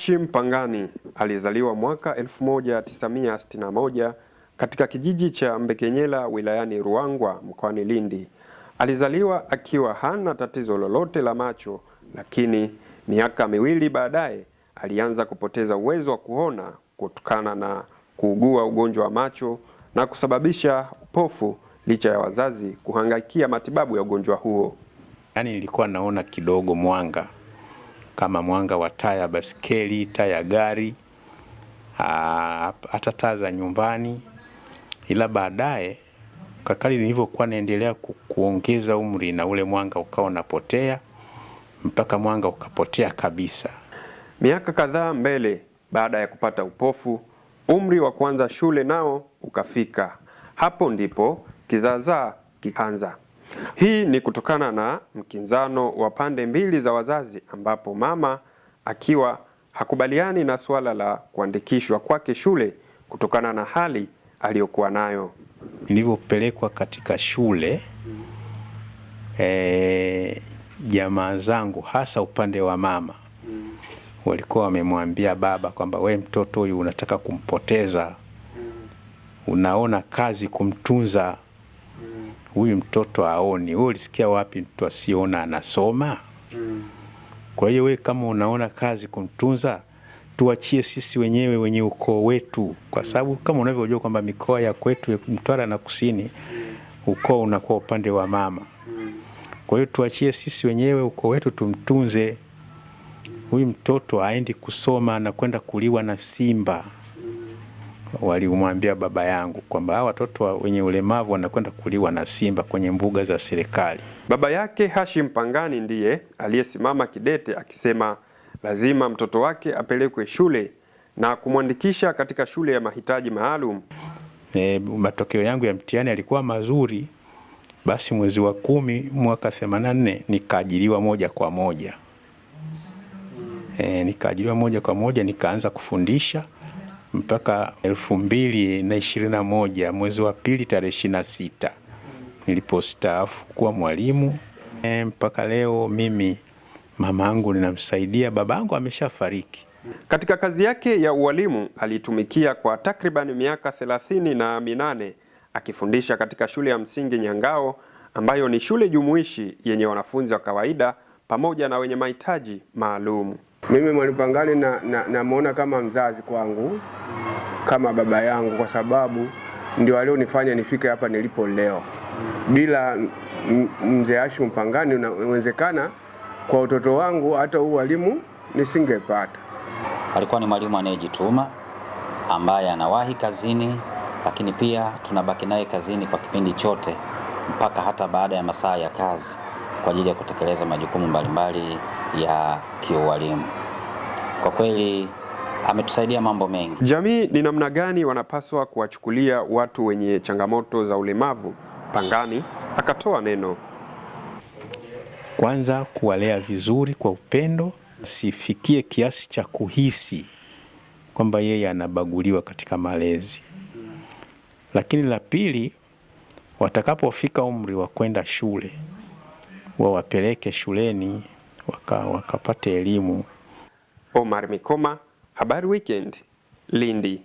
Hashim Pangani alizaliwa mwaka 1961 katika kijiji cha Mbekenyela wilayani Ruangwa mkoani Lindi. Alizaliwa akiwa hana tatizo lolote la macho, lakini miaka miwili baadaye alianza kupoteza uwezo wa kuona kutokana na kuugua ugonjwa wa macho na kusababisha upofu licha ya wazazi kuhangaikia matibabu ya ugonjwa huo. Yaani nilikuwa naona kidogo mwanga kama mwanga wa taa ya basikeli, taa ya gari, ah, hata taa za nyumbani. Ila baadaye kakali nilivyokuwa naendelea kuongeza umri na ule mwanga ukawa unapotea mpaka mwanga ukapotea kabisa. Miaka kadhaa mbele, baada ya kupata upofu, umri wa kuanza shule nao ukafika. Hapo ndipo kizaazaa kikaanza. Hii ni kutokana na mkinzano wa pande mbili za wazazi, ambapo mama akiwa hakubaliani na suala la kuandikishwa kwake shule kutokana na hali aliyokuwa nayo. Nilivyopelekwa katika shule e, jamaa zangu hasa upande wa mama walikuwa wamemwambia baba kwamba we mtoto huyu unataka kumpoteza, unaona kazi kumtunza huyu mtoto aoni, wewe ulisikia wapi mtu asiona anasoma? Mm. Kwa hiyo we kama unaona kazi kumtunza, tuachie sisi wenyewe wenye ukoo wetu, kwa mm. sababu kama unavyojua kwamba mikoa ya kwetu Mtwara na Kusini mm. ukoo unakuwa upande wa mama. Mm. Kwa hiyo tuachie sisi wenyewe ukoo wetu tumtunze huyu mtoto, aendi kusoma na kwenda kuliwa na simba walimwambia baba yangu kwamba hawa watoto wenye ulemavu wanakwenda kuliwa na simba kwenye mbuga za serikali. Baba yake Hashim Pangani ndiye aliyesimama kidete akisema lazima mtoto wake apelekwe shule na kumwandikisha katika shule ya mahitaji maalum. E, matokeo yangu ya mtihani yalikuwa mazuri. Basi mwezi wa kumi mwaka 84 nikaajiriwa moja kwa moja. E, nikaajiriwa moja kwa moja nikaanza kufundisha mpaka elfu mbili na ishirini na moja mwezi wa pili tarehe ishirini na sita nilipostaafu kuwa mwalimu e, mpaka leo mimi mama angu ninamsaidia, baba amesha ameshafariki. Katika kazi yake ya ualimu alitumikia kwa takriban miaka thelathini na minane akifundisha katika shule ya msingi Nyangao ambayo ni shule jumuishi yenye wanafunzi wa kawaida pamoja na wenye mahitaji maalum. Mimi Mwalimu Pangani namwona na, na kama mzazi kwangu, kama baba yangu, kwa sababu ndio alionifanya nifike hapa nilipo leo. Bila mzee Hashim Pangani inawezekana kwa utoto wangu hata huu walimu nisingepata. Alikuwa ni mwalimu anayejituma ambaye anawahi kazini, lakini pia tunabaki naye kazini kwa kipindi chote mpaka hata baada ya masaa ya kazi kwa ajili ya kutekeleza majukumu mbalimbali ya kiualimu. Kwa kweli ametusaidia mambo mengi. Jamii ni namna gani wanapaswa kuwachukulia watu wenye changamoto za ulemavu? Pangani akatoa neno. Kwanza, kuwalea vizuri kwa upendo, sifikie kiasi cha kuhisi kwamba yeye anabaguliwa katika malezi. Lakini la pili, watakapofika umri wa kwenda shule wawapeleke shuleni waka, wakapate elimu. Omar Mikoma, Habari Weekend, Lindi.